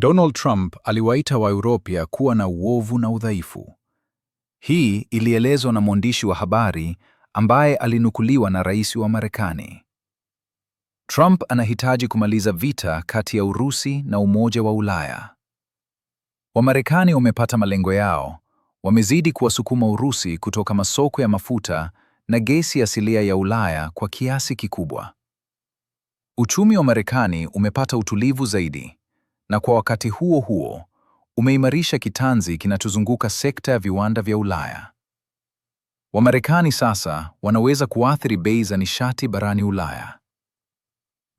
Donald Trump aliwaita Waeuropia kuwa na uovu na udhaifu. Hii ilielezwa na mwandishi wa habari ambaye alinukuliwa na rais wa Marekani. Trump anahitaji kumaliza vita kati ya Urusi na Umoja wa Ulaya. Wamarekani wamepata malengo yao, wamezidi kuwasukuma Urusi kutoka masoko ya mafuta na gesi asilia ya Ulaya kwa kiasi kikubwa. Uchumi wa Marekani umepata utulivu zaidi na kwa wakati huo huo umeimarisha kitanzi kinachozunguka sekta ya viwanda vya Ulaya. Wamarekani sasa wanaweza kuathiri bei za nishati barani Ulaya.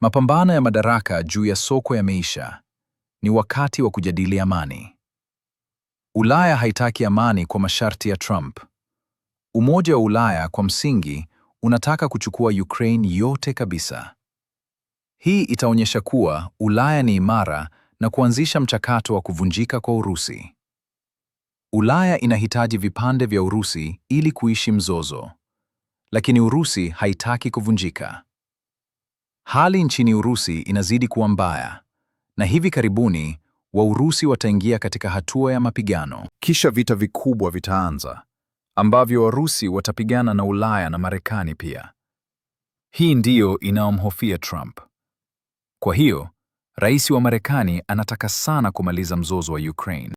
Mapambano ya madaraka juu ya soko yameisha. Ni wakati wa kujadili amani. Ulaya haitaki amani kwa masharti ya Trump. Umoja wa Ulaya kwa msingi unataka kuchukua Ukraine yote kabisa. Hii itaonyesha kuwa Ulaya ni imara na kuanzisha mchakato wa kuvunjika kwa Urusi. Ulaya inahitaji vipande vya Urusi ili kuishi mzozo, lakini Urusi haitaki kuvunjika. Hali nchini Urusi inazidi kuwa mbaya, na hivi karibuni Waurusi wataingia katika hatua ya mapigano. Kisha vita vikubwa vitaanza, ambavyo Warusi watapigana na Ulaya na Marekani pia. Hii ndiyo inayomhofia Trump. Kwa hiyo Rais wa Marekani anataka sana kumaliza mzozo wa Ukraine.